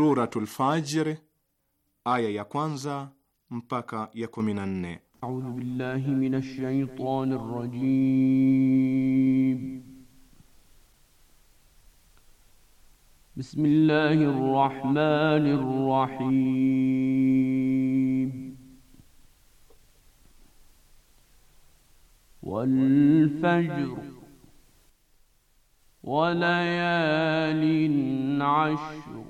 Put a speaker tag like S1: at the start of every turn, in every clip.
S1: Suratul Fajr aya ya kwanza mpaka
S2: ya 14.
S3: A'udhu billahi minash shaitani rrajim. Bismillahir rahmanir rahim. Wal fajr wa layalin 'ashr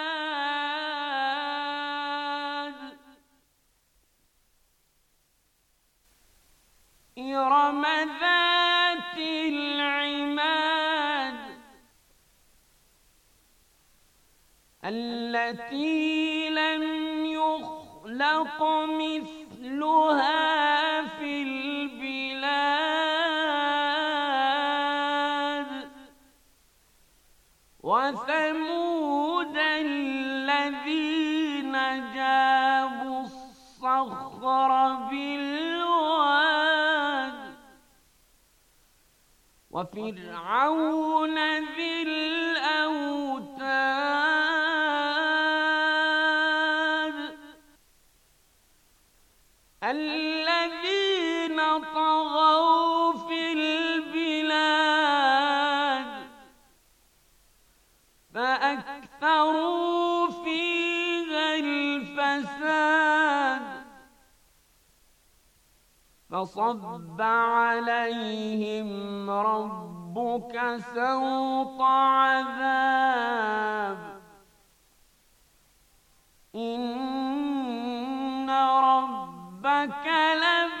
S3: التي لم يخلق مثلها في البلاد وثمود الذين جابوا الصخر بالواد وفرعون ذي فصب عليهم ربك سوط عذاب إن ربك لبيب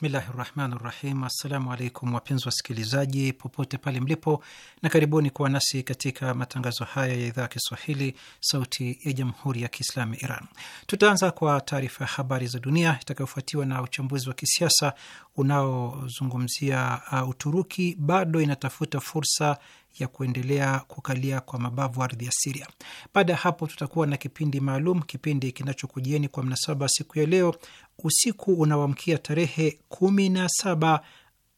S4: Bismillahi rahmani rahim. Assalamu alaikum wapenzi wasikilizaji popote pale mlipo, na karibuni kuwa nasi katika matangazo haya ya idhaa ya Kiswahili sauti ya jamhuri ya Kiislamu ya Iran. Tutaanza kwa taarifa ya habari za dunia itakayofuatiwa na uchambuzi wa kisiasa unaozungumzia uh, Uturuki bado inatafuta fursa ya kuendelea kukalia kwa mabavu ardhi ya Siria. Baada ya hapo, tutakuwa na kipindi maalum, kipindi kinachokujieni kwa mnasaba siku ya leo usiku unawamkia tarehe kumi na saba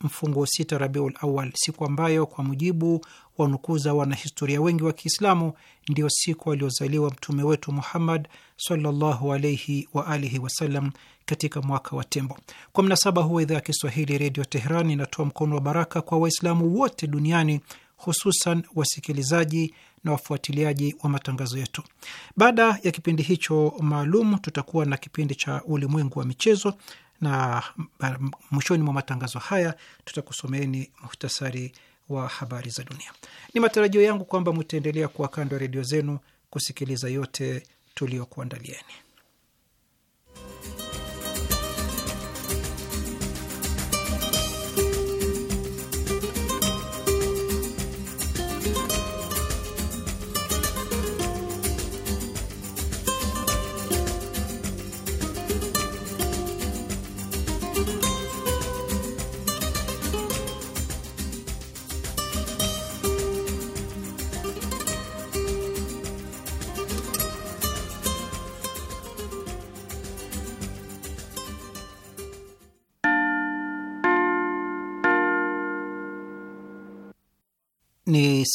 S4: mfungo sita Rabiul Awal, siku ambayo kwa mujibu wa za wanahistoria wengi wa Kiislamu ndio siku aliozaliwa mtume wetu Muhammad sallallahu alaihi wa alihi wasallam katika mwaka wa Tembo. Kwa mnasaba huwa idhaa ya Kiswahili Redio Teheran inatoa mkono wa baraka kwa Waislamu wote duniani hususan wasikilizaji na wafuatiliaji wa matangazo yetu. Baada ya kipindi hicho maalum, tutakuwa na kipindi cha ulimwengu wa michezo, na mwishoni mwa matangazo haya tutakusomeeni muhtasari wa habari za dunia. Ni matarajio yangu kwamba mtaendelea kuwa kando ya redio zenu kusikiliza yote tuliyokuandalieni.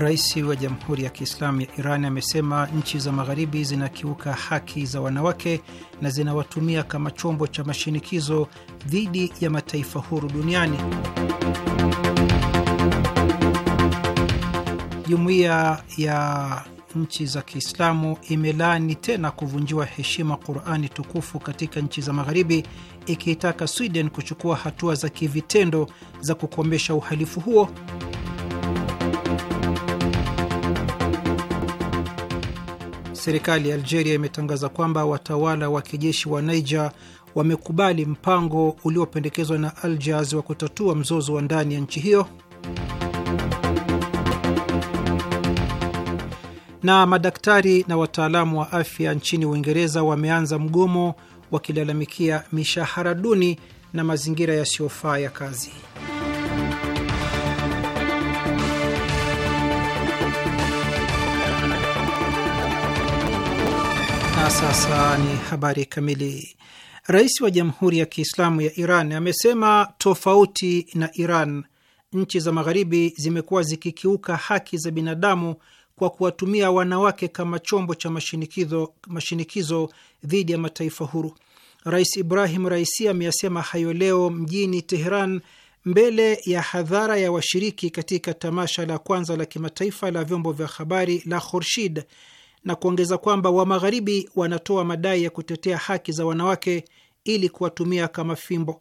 S4: Rais wa Jamhuri ya Kiislamu ya Iran amesema nchi za Magharibi zinakiuka haki za wanawake na zinawatumia kama chombo cha mashinikizo dhidi ya mataifa huru duniani. Jumuiya ya nchi za Kiislamu imelaani tena kuvunjiwa heshima Qurani tukufu katika nchi za Magharibi, ikiitaka Sweden kuchukua hatua za kivitendo za kukomesha uhalifu huo. serikali ya Algeria imetangaza kwamba watawala wa kijeshi wa Niger wamekubali mpango uliopendekezwa na Algiers wa kutatua mzozo wa ndani ya nchi hiyo. Na madaktari na wataalamu wa afya nchini Uingereza wameanza mgomo wakilalamikia mishahara duni na mazingira yasiyofaa ya kazi. Na sasa ni habari kamili. Rais wa Jamhuri ya Kiislamu ya Iran amesema tofauti na Iran, nchi za Magharibi zimekuwa zikikiuka haki za binadamu kwa kuwatumia wanawake kama chombo cha mashinikizo, mashinikizo dhidi ya mataifa huru. Rais Ibrahim Raisi ameyasema hayo leo mjini Teheran mbele ya hadhara ya washiriki katika tamasha la kwanza la kimataifa la vyombo vya habari la Khorshid na kuongeza kwamba wa Magharibi wanatoa madai ya kutetea haki za wanawake ili kuwatumia kama fimbo.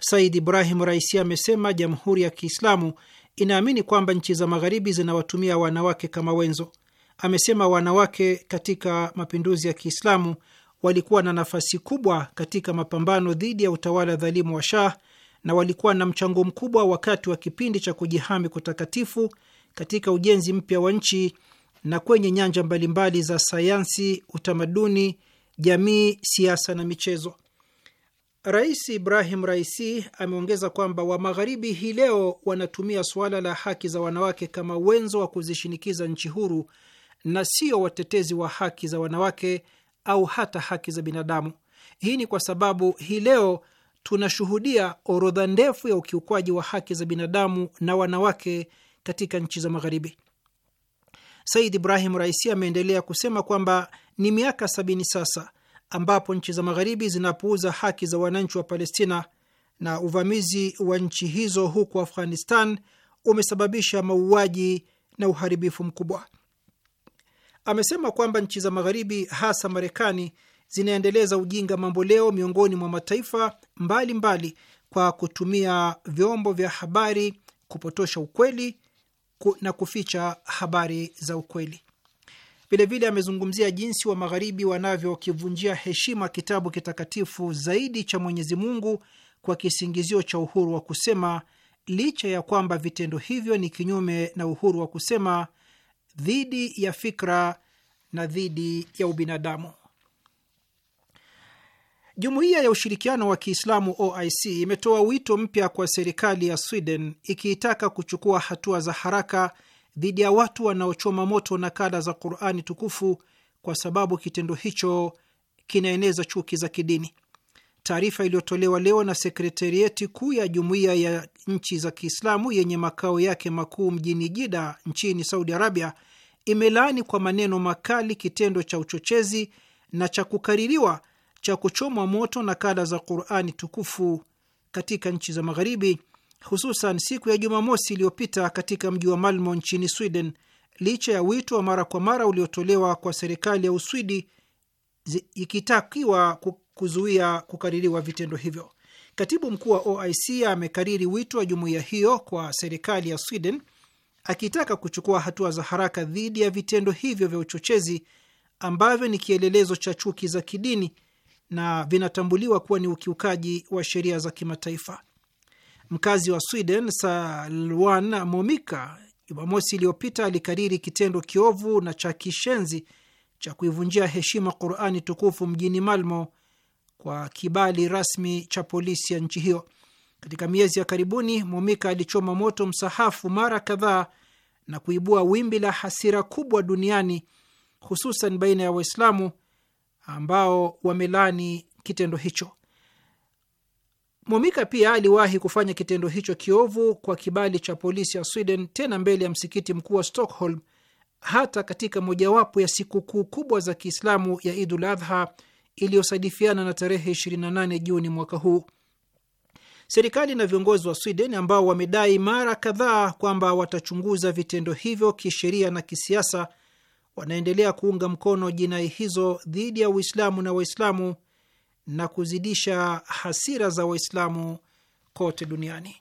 S4: Said Ibrahim Raisi amesema Jamhuri ya Kiislamu inaamini kwamba nchi za Magharibi zinawatumia wanawake kama wenzo. Amesema wanawake katika mapinduzi ya Kiislamu walikuwa na nafasi kubwa katika mapambano dhidi ya utawala dhalimu wa Shah na walikuwa na mchango mkubwa wakati wa kipindi cha kujihami kutakatifu katika ujenzi mpya wa nchi na kwenye nyanja mbalimbali za sayansi, utamaduni, jamii, siasa na michezo. Rais Ibrahim Raisi ameongeza kwamba wa Magharibi hii leo wanatumia suala la haki za wanawake kama wenzo wa kuzishinikiza nchi huru na sio watetezi wa haki za wanawake au hata haki za binadamu. Hii ni kwa sababu hii leo tunashuhudia orodha ndefu ya ukiukwaji wa haki za binadamu na wanawake katika nchi za Magharibi. Said Ibrahim Raisi ameendelea kusema kwamba ni miaka sabini sasa ambapo nchi za Magharibi zinapuuza haki za wananchi wa Palestina na uvamizi wa nchi hizo huko Afghanistan umesababisha mauaji na uharibifu mkubwa. Amesema kwamba nchi za Magharibi hasa Marekani zinaendeleza ujinga mambo leo miongoni mwa mataifa mbalimbali mbali kwa kutumia vyombo vya habari kupotosha ukweli na kuficha habari za ukweli. Vilevile amezungumzia jinsi wa magharibi wanavyokivunjia heshima kitabu kitakatifu zaidi cha Mwenyezi Mungu kwa kisingizio cha uhuru wa kusema, licha ya kwamba vitendo hivyo ni kinyume na uhuru wa kusema, dhidi ya fikra na dhidi ya ubinadamu. Jumuiya ya Ushirikiano wa Kiislamu OIC imetoa wito mpya kwa serikali ya Sweden ikiitaka kuchukua hatua za haraka dhidi ya watu wanaochoma moto nakala za Qurani tukufu kwa sababu kitendo hicho kinaeneza chuki za kidini. Taarifa iliyotolewa leo na sekretarieti kuu ya jumuiya ya nchi za Kiislamu yenye makao yake makuu mjini Jida nchini Saudi Arabia imelaani kwa maneno makali kitendo cha uchochezi na cha kukaririwa cha kuchomwa moto nakala za Qurani tukufu katika nchi za Magharibi, hususan siku ya Jumamosi iliyopita katika mji wa Malmo nchini Sweden, licha ya wito wa mara kwa mara uliotolewa kwa serikali ya Uswidi ikitakiwa kuzuia kukaririwa vitendo hivyo. Katibu mkuu wa OIC amekariri wito wa jumuiya hiyo kwa serikali ya Sweden akitaka kuchukua hatua za haraka dhidi ya vitendo hivyo vya uchochezi ambavyo ni kielelezo cha chuki za kidini na vinatambuliwa kuwa ni ukiukaji wa sheria za kimataifa. Mkazi wa Sweden Salwan Momika Jumamosi iliyopita alikariri kitendo kiovu na cha kishenzi cha kuivunjia heshima Qurani tukufu mjini Malmo kwa kibali rasmi cha polisi ya nchi hiyo. Katika miezi ya karibuni, Momika alichoma moto msahafu mara kadhaa na kuibua wimbi la hasira kubwa duniani, hususan baina ya Waislamu ambao wamelani kitendo hicho. Mwamika pia aliwahi kufanya kitendo hicho kiovu kwa kibali cha polisi ya Sweden, tena mbele ya msikiti mkuu wa Stockholm, hata katika mojawapo ya sikukuu kubwa za Kiislamu ya Idul Adha iliyosadifiana na tarehe 28 Juni mwaka huu. Serikali na viongozi wa Sweden ambao wamedai mara kadhaa kwamba watachunguza vitendo hivyo kisheria na kisiasa wanaendelea kuunga mkono jinai hizo dhidi ya Uislamu na Waislamu na kuzidisha hasira za Waislamu kote duniani.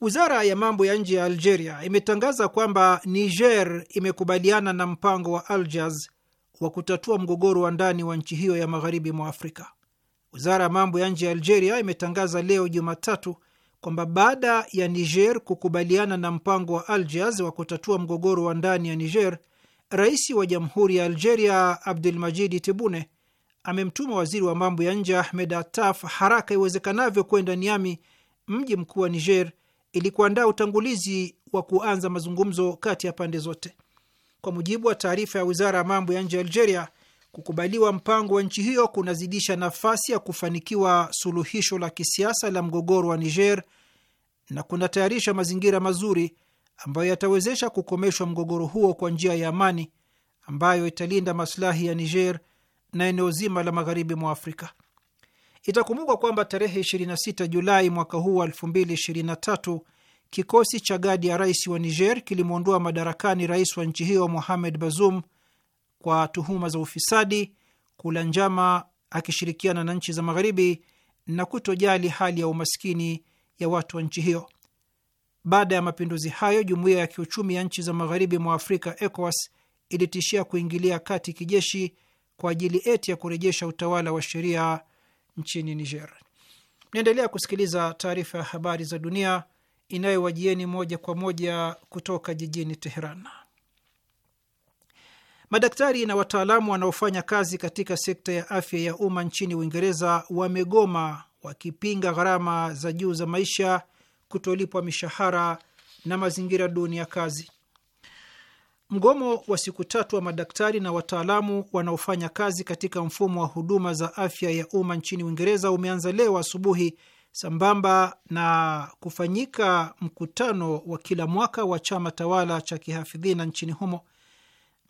S4: Wizara ya mambo ya nje ya Algeria imetangaza kwamba Niger imekubaliana na mpango wa Algiers wa kutatua mgogoro wa ndani wa nchi hiyo ya magharibi mwa Afrika. Wizara ya mambo ya nje ya Algeria imetangaza leo Jumatatu kwamba baada ya Niger kukubaliana na mpango wa Algiers wa kutatua mgogoro wa ndani ya Niger, rais wa jamhuri ya Algeria abdul majidi tibune amemtuma waziri wa mambo ya nje Ahmed ataf haraka iwezekanavyo kwenda Niami, mji mkuu wa Niger, ili kuandaa utangulizi wa kuanza mazungumzo kati ya pande zote. Kwa mujibu wa taarifa ya wizara ya mambo ya nje ya Algeria, Kukubaliwa mpango wa nchi hiyo kunazidisha nafasi ya kufanikiwa suluhisho la kisiasa la mgogoro wa Niger na kunatayarisha mazingira mazuri ambayo yatawezesha kukomeshwa mgogoro huo kwa njia ya amani ambayo italinda masilahi ya Niger na eneo zima la magharibi mwa Afrika. Itakumbukwa kwamba tarehe 26 Julai mwaka huu wa 2023 kikosi cha gadi ya rais wa Niger kilimwondoa madarakani rais wa nchi hiyo Mohamed Bazoum kwa tuhuma za ufisadi, kula njama akishirikiana na nchi za Magharibi na kutojali hali ya umaskini ya watu wa nchi hiyo. Baada ya mapinduzi hayo, jumuiya ya kiuchumi ya nchi za magharibi mwa Afrika, ECOWAS, ilitishia kuingilia kati kijeshi kwa ajili eti ya kurejesha utawala wa sheria nchini Niger. Mnaendelea kusikiliza taarifa ya habari za dunia inayowajieni moja kwa moja kutoka jijini Teheran. Madaktari na wataalamu wanaofanya kazi katika sekta ya afya ya umma nchini Uingereza wamegoma wakipinga gharama za juu za maisha, kutolipwa mishahara na mazingira duni ya kazi. Mgomo wa siku tatu wa madaktari na wataalamu wanaofanya kazi katika mfumo wa huduma za afya ya umma nchini Uingereza umeanza leo asubuhi sambamba na kufanyika mkutano wa kila mwaka wa chama tawala cha kihafidhina nchini humo.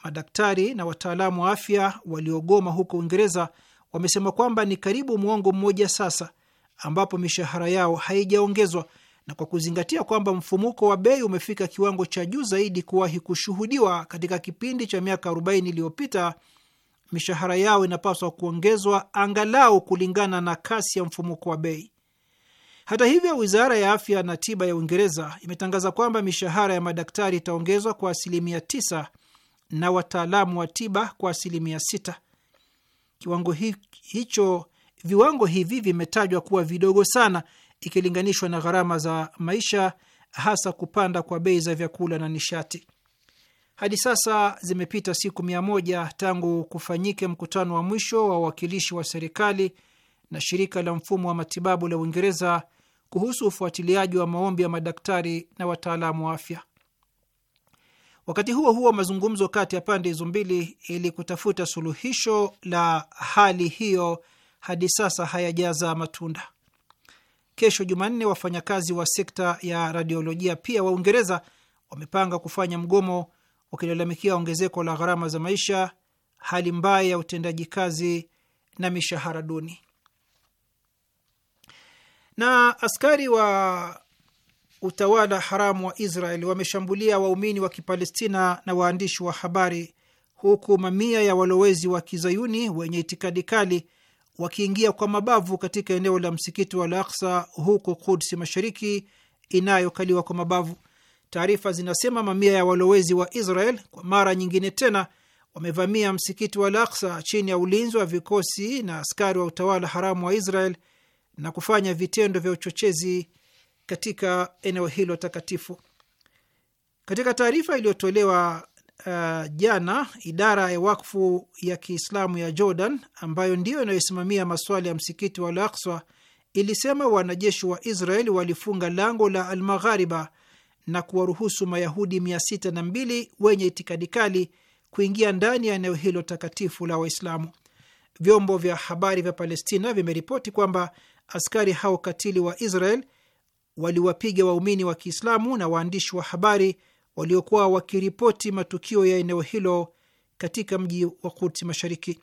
S4: Madaktari na wataalamu wa afya waliogoma huko Uingereza wamesema kwamba ni karibu mwongo mmoja sasa ambapo mishahara yao haijaongezwa na kwa kuzingatia kwamba mfumuko wa bei umefika kiwango cha juu zaidi kuwahi kushuhudiwa katika kipindi cha miaka 40 iliyopita, mishahara yao inapaswa kuongezwa angalau kulingana na kasi ya mfumuko wa bei. Hata hivyo, wizara ya afya na tiba ya Uingereza imetangaza kwamba mishahara ya madaktari itaongezwa kwa asilimia tisa na wataalamu wa tiba kwa asilimia sita. Kiwango hi, hicho viwango hivi vimetajwa kuwa vidogo sana ikilinganishwa na gharama za maisha, hasa kupanda kwa bei za vyakula na nishati. Hadi sasa zimepita siku mia moja tangu kufanyike mkutano wa mwisho wa wawakilishi wa serikali na shirika la mfumo wa matibabu la Uingereza kuhusu ufuatiliaji wa maombi ya madaktari na wataalamu wa afya. Wakati huo huo, mazungumzo kati ya pande hizo mbili ili kutafuta suluhisho la hali hiyo hadi sasa hayajaza matunda. Kesho Jumanne, wafanyakazi wa sekta ya radiolojia pia wa Uingereza wamepanga kufanya mgomo wakilalamikia ongezeko la gharama za maisha, hali mbaya ya utendaji kazi na mishahara duni. Na askari wa utawala haramu wa Israel wameshambulia waumini wa Kipalestina na waandishi wa habari, huku mamia ya walowezi wa kizayuni wenye itikadi kali wakiingia kwa mabavu katika eneo la msikiti wa Al-Aqsa huko Kudsi Mashariki inayokaliwa kwa mabavu. Taarifa zinasema mamia ya walowezi wa Israel kwa mara nyingine tena wamevamia msikiti wa Al-Aqsa chini ya ulinzi wa vikosi na askari wa utawala haramu wa Israel na kufanya vitendo vya uchochezi katika eneo hilo takatifu. Katika taarifa iliyotolewa uh, jana, idara ya wakfu ya Kiislamu ya Jordan ambayo ndiyo inayosimamia masuala ya msikiti wa Al-Aqsa ilisema wanajeshi wa israel walifunga lango la Almaghariba na kuwaruhusu Mayahudi 602 wenye itikadi kali kuingia ndani ya eneo hilo takatifu la Waislamu. Vyombo vya habari vya Palestina vimeripoti kwamba askari hao katili wa Israel waliwapiga waumini wa Kiislamu na waandishi wa habari waliokuwa wakiripoti matukio ya eneo hilo katika mji wa Kuti Mashariki.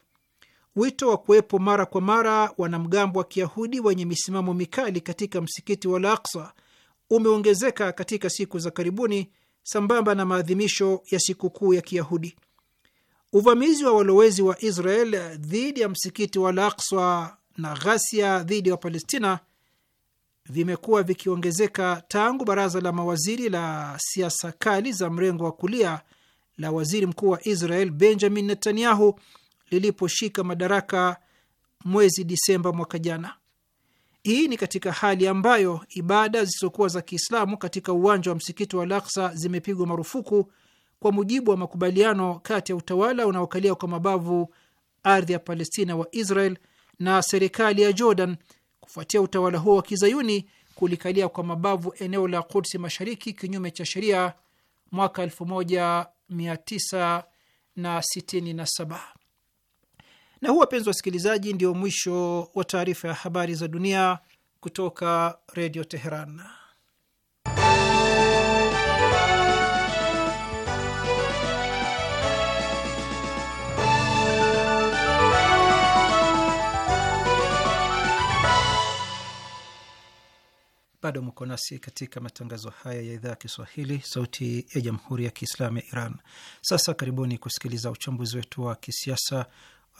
S4: Wito wa kuwepo mara kwa mara wanamgambo wa Kiyahudi wenye misimamo mikali katika msikiti wa Al-Aqsa umeongezeka katika siku za karibuni sambamba na maadhimisho ya sikukuu ya Kiyahudi. Uvamizi wa walowezi wa Israel dhidi ya msikiti wa Al-Aqsa na ghasia dhidi ya Palestina vimekuwa vikiongezeka tangu baraza la mawaziri la siasa kali za mrengo wa kulia la waziri mkuu wa Israel Benjamin Netanyahu liliposhika madaraka mwezi Disemba mwaka jana. Hii ni katika hali ambayo ibada zisizokuwa za Kiislamu katika uwanja wa msikiti wa Al-Aqsa zimepigwa marufuku kwa mujibu wa makubaliano kati ya utawala unaokalia kwa mabavu ardhi ya Palestina wa Israel na serikali ya Jordan Kufuatia utawala huo wa kizayuni kulikalia kwa mabavu eneo la Kudsi mashariki kinyume cha sheria mwaka 1967 na huu, wapenzi wasikilizaji, ndio mwisho wa taarifa ya habari za dunia kutoka Redio Teheran. Bado mko nasi katika matangazo haya ya idhaa ya Kiswahili, sauti ya jamhuri ya kiislamu ya Iran. Sasa karibuni kusikiliza uchambuzi wetu wa kisiasa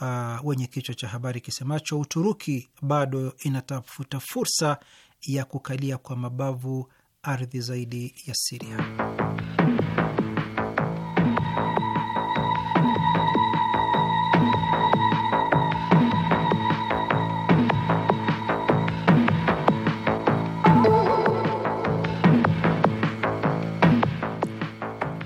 S4: uh, wenye kichwa cha habari kisemacho Uturuki bado inatafuta fursa ya kukalia kwa mabavu ardhi zaidi ya Siria.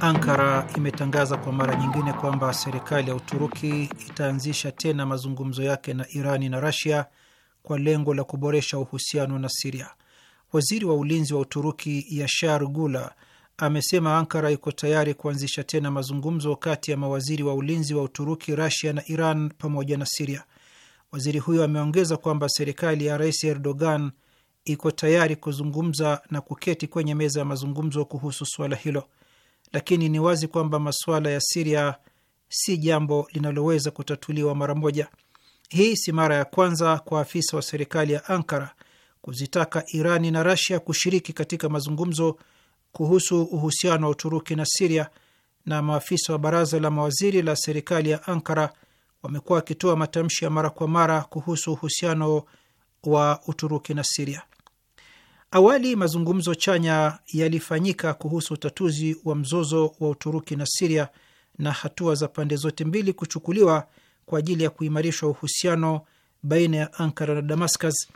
S4: Ankara imetangaza kwa mara nyingine kwamba serikali ya Uturuki itaanzisha tena mazungumzo yake na Irani na Rasia kwa lengo la kuboresha uhusiano na Siria. Waziri wa ulinzi wa Uturuki Yashar Gula amesema Ankara iko tayari kuanzisha tena mazungumzo kati ya mawaziri wa ulinzi wa Uturuki, Rasia na Iran pamoja na Siria. Waziri huyo ameongeza kwamba serikali ya Rais Erdogan iko tayari kuzungumza na kuketi kwenye meza ya mazungumzo kuhusu suala hilo lakini ni wazi kwamba masuala ya Siria si jambo linaloweza kutatuliwa mara moja. Hii si mara ya kwanza kwa afisa wa serikali ya Ankara kuzitaka Irani na Rasia kushiriki katika mazungumzo kuhusu uhusiano wa Uturuki na Siria, na maafisa wa baraza la mawaziri la serikali ya Ankara wamekuwa wakitoa matamshi ya mara kwa mara kuhusu uhusiano wa Uturuki na Siria. Awali mazungumzo chanya yalifanyika kuhusu utatuzi wa mzozo wa Uturuki na Siria na hatua za pande zote mbili kuchukuliwa kwa ajili ya kuimarisha uhusiano baina ya Ankara na Damascus.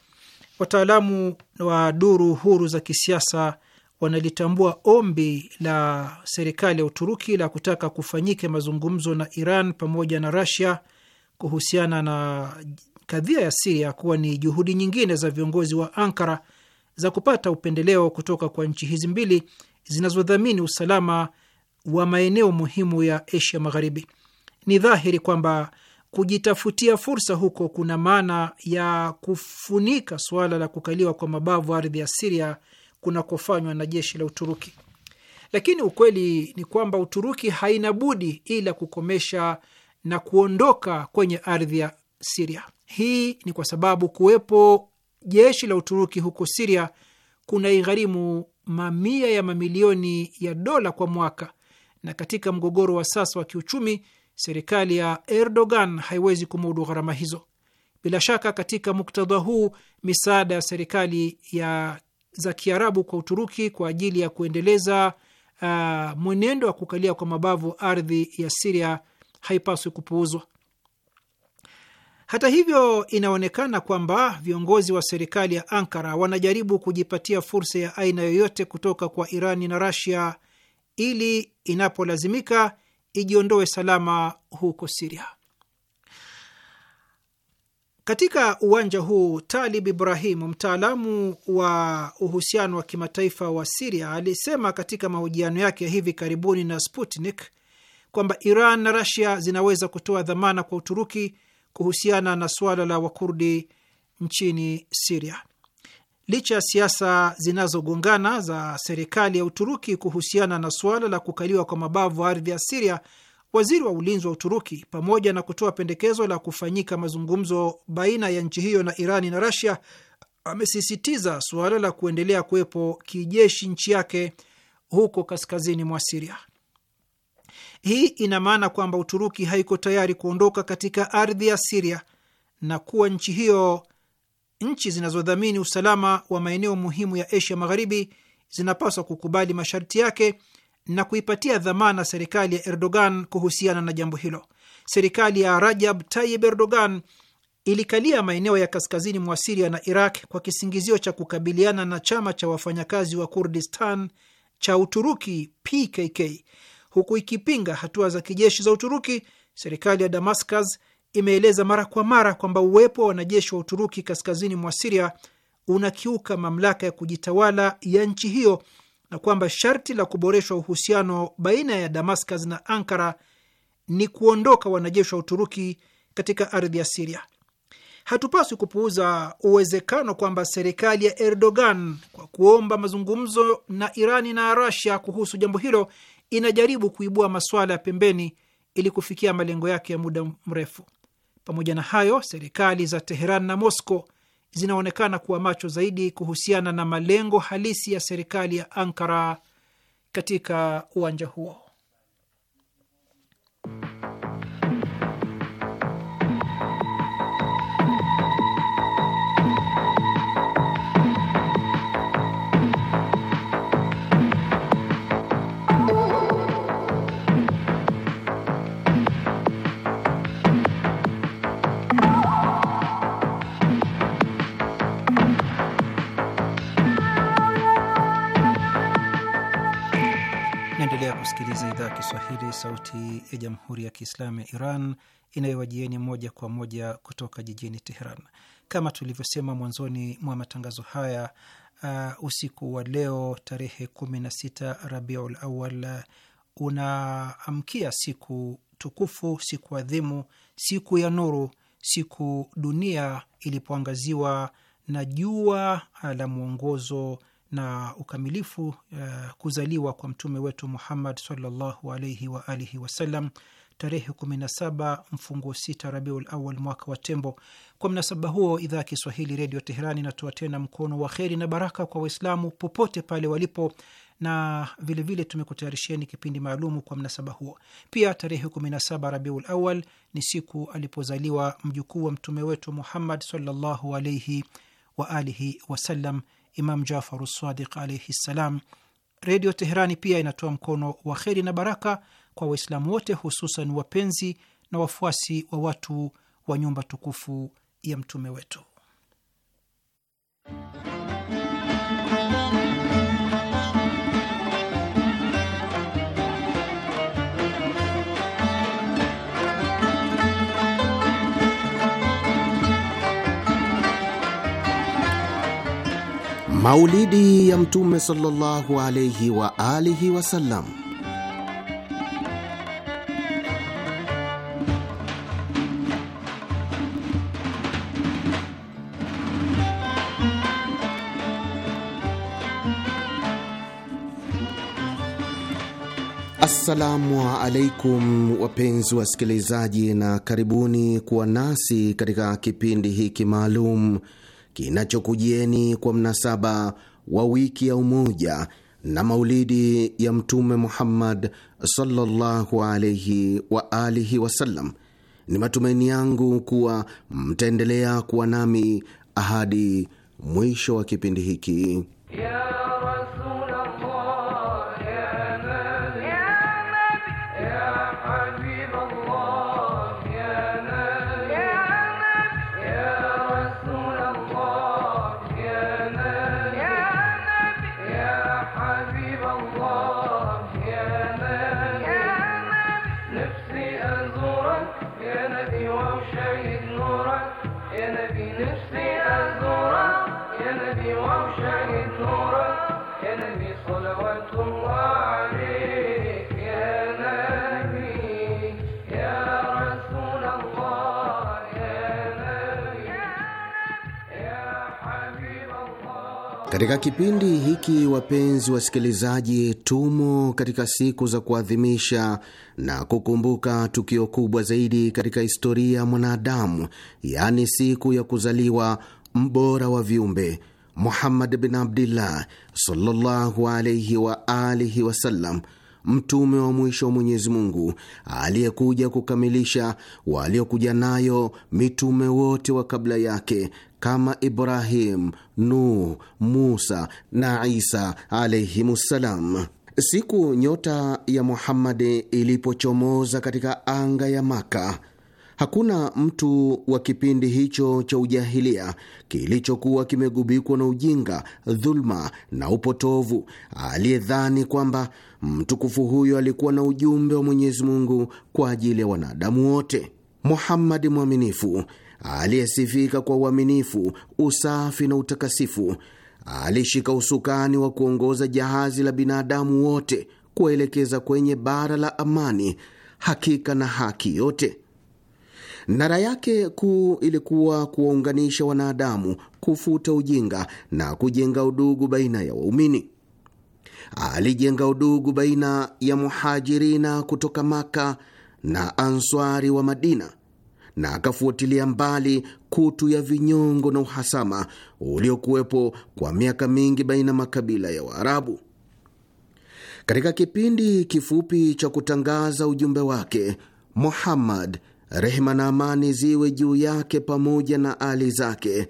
S4: Wataalamu wa duru huru za kisiasa wanalitambua ombi la serikali ya Uturuki la kutaka kufanyike mazungumzo na Iran pamoja na rasia kuhusiana na kadhia ya Siria kuwa ni juhudi nyingine za viongozi wa Ankara za kupata upendeleo kutoka kwa nchi hizi mbili zinazodhamini usalama wa maeneo muhimu ya Asia Magharibi. Ni dhahiri kwamba kujitafutia fursa huko kuna maana ya kufunika suala la kukaliwa kwa mabavu ardhi ya Siria kunakofanywa na jeshi la Uturuki, lakini ukweli ni kwamba Uturuki haina budi ila kukomesha na kuondoka kwenye ardhi ya Siria. Hii ni kwa sababu kuwepo jeshi la Uturuki huko Siria kuna igharimu mamia ya mamilioni ya dola kwa mwaka, na katika mgogoro wa sasa wa kiuchumi serikali ya Erdogan haiwezi kumudu gharama hizo. Bila shaka, katika muktadha huu misaada ya serikali ya za Kiarabu kwa Uturuki kwa ajili ya kuendeleza uh, mwenendo wa kukalia kwa mabavu ardhi ya Siria haipaswi kupuuzwa. Hata hivyo, inaonekana kwamba viongozi wa serikali ya Ankara wanajaribu kujipatia fursa ya aina yoyote kutoka kwa Irani na Rasia ili inapolazimika ijiondoe salama huko Siria. Katika uwanja huu Talib Ibrahim, mtaalamu wa uhusiano wa kimataifa wa Siria, alisema katika mahojiano yake ya hivi karibuni na Sputnik kwamba Iran na Rasia zinaweza kutoa dhamana kwa Uturuki kuhusiana na suala la Wakurdi nchini Siria. Licha ya siasa zinazogongana za serikali ya Uturuki kuhusiana na suala la kukaliwa kwa mabavu ardhi ya Siria, waziri wa ulinzi wa Uturuki, pamoja na kutoa pendekezo la kufanyika mazungumzo baina ya nchi hiyo na Irani na Rasia, amesisitiza suala la kuendelea kuwepo kijeshi nchi yake huko kaskazini mwa Siria. Hii ina maana kwamba Uturuki haiko tayari kuondoka katika ardhi ya Siria na kuwa nchi hiyo, nchi zinazodhamini usalama wa maeneo muhimu ya Asia Magharibi zinapaswa kukubali masharti yake na kuipatia dhamana serikali ya Erdogan kuhusiana na jambo hilo. Serikali ya Rajab Tayyip Erdogan ilikalia maeneo ya kaskazini mwa Siria na Iraq kwa kisingizio cha kukabiliana na chama cha wafanyakazi wa Kurdistan cha Uturuki PKK huku ikipinga hatua za kijeshi za Uturuki, serikali ya Damascus imeeleza mara kwa mara kwamba uwepo wa wanajeshi wa Uturuki kaskazini mwa Siria unakiuka mamlaka ya kujitawala ya nchi hiyo na kwamba sharti la kuboreshwa uhusiano baina ya Damascus na Ankara ni kuondoka wanajeshi wa Uturuki katika ardhi ya Siria. Hatupaswi kupuuza uwezekano kwamba serikali ya Erdogan kwa kuomba mazungumzo na Irani na Rasia kuhusu jambo hilo inajaribu kuibua masuala ya pembeni ili kufikia malengo yake ya muda mrefu. Pamoja na hayo, serikali za Teheran na Moscow zinaonekana kuwa macho zaidi kuhusiana na malengo halisi ya serikali ya Ankara katika uwanja huo. Unaendelea kusikiliza idhaa ya Kiswahili, sauti ya jamhuri ya kiislamu ya Iran inayowajieni moja kwa moja kutoka jijini Teheran. Kama tulivyosema mwanzoni mwa matangazo haya, uh, usiku wa leo tarehe 16 Rabiul Awal uh, unaamkia siku tukufu, siku adhimu, siku ya nuru, siku dunia ilipoangaziwa na jua uh, la mwongozo na ukamilifu uh, kuzaliwa kwa mtume wetu Muhammad sallallahu alaihi wa alihi wasallam tarehe 17 mfungo 6 Rabiul Awal mwaka wa Tembo. Kwa mnasaba huo, idhaa ya Kiswahili Redio Teherani inatoa tena mkono wa kheri na baraka kwa Waislamu popote pale walipo na vilevile tumekutayarisheni kipindi maalumu kwa mnasaba huo. Pia tarehe 17 Rabiul Awal ni siku alipozaliwa mjukuu wa mtume wetu Muhammad sallallahu alaihi wa alihi wasallam Imam Jafaru Sadiq alaihi ssalam. Redio Teherani pia inatoa mkono wa kheri na baraka kwa Waislamu wote, hususan wapenzi na wafuasi wa watu wa nyumba tukufu ya mtume wetu.
S5: Maulidi ya Mtume sallallahu alaihi wa alihi wasallam. Assalamu alaikum wapenzi wasikilizaji, na karibuni kuwa nasi katika kipindi hiki maalum kinachokujieni kwa mnasaba wa wiki ya umoja na maulidi ya Mtume Muhammad sallallahu alaihi wa alihi wasallam. Ni matumaini yangu kuwa mtaendelea kuwa nami ahadi mwisho wa kipindi hiki ya Katika kipindi hiki wapenzi wasikilizaji, tumo katika siku za kuadhimisha na kukumbuka tukio kubwa zaidi katika historia ya mwanadamu, yaani siku ya kuzaliwa mbora wa viumbe Muhammad bin Abdillah sallallahu alaihi wa alihi wasallam, mtume wa mwisho wa Mwenyezi Mungu aliyekuja kukamilisha waliokuja nayo mitume wote wa kabla yake kama Ibrahim, Nuh, Musa na Isa alaihimussalam. Siku nyota ya Muhammadi ilipochomoza katika anga ya Maka, hakuna mtu wa kipindi hicho cha ujahilia kilichokuwa kimegubikwa na ujinga, dhuluma na upotovu aliyedhani kwamba mtukufu huyo alikuwa na ujumbe wa Mwenyezi Mungu kwa ajili ya wanadamu wote. Muhammadi mwaminifu aliyesifika kwa uaminifu, usafi na utakasifu, alishika usukani wa kuongoza jahazi la binadamu wote kuwaelekeza kwenye bara la amani, hakika na haki yote. Nara yake kuu ilikuwa kuwaunganisha wanadamu, kufuta ujinga na kujenga udugu baina ya waumini. Alijenga udugu baina ya muhajirina kutoka Maka na answari wa Madina na akafuatilia mbali kutu ya vinyongo na uhasama uliokuwepo kwa miaka mingi baina makabila ya Waarabu. Katika kipindi kifupi cha kutangaza ujumbe wake, Muhammad, rehma na amani ziwe juu yake, pamoja na ali zake,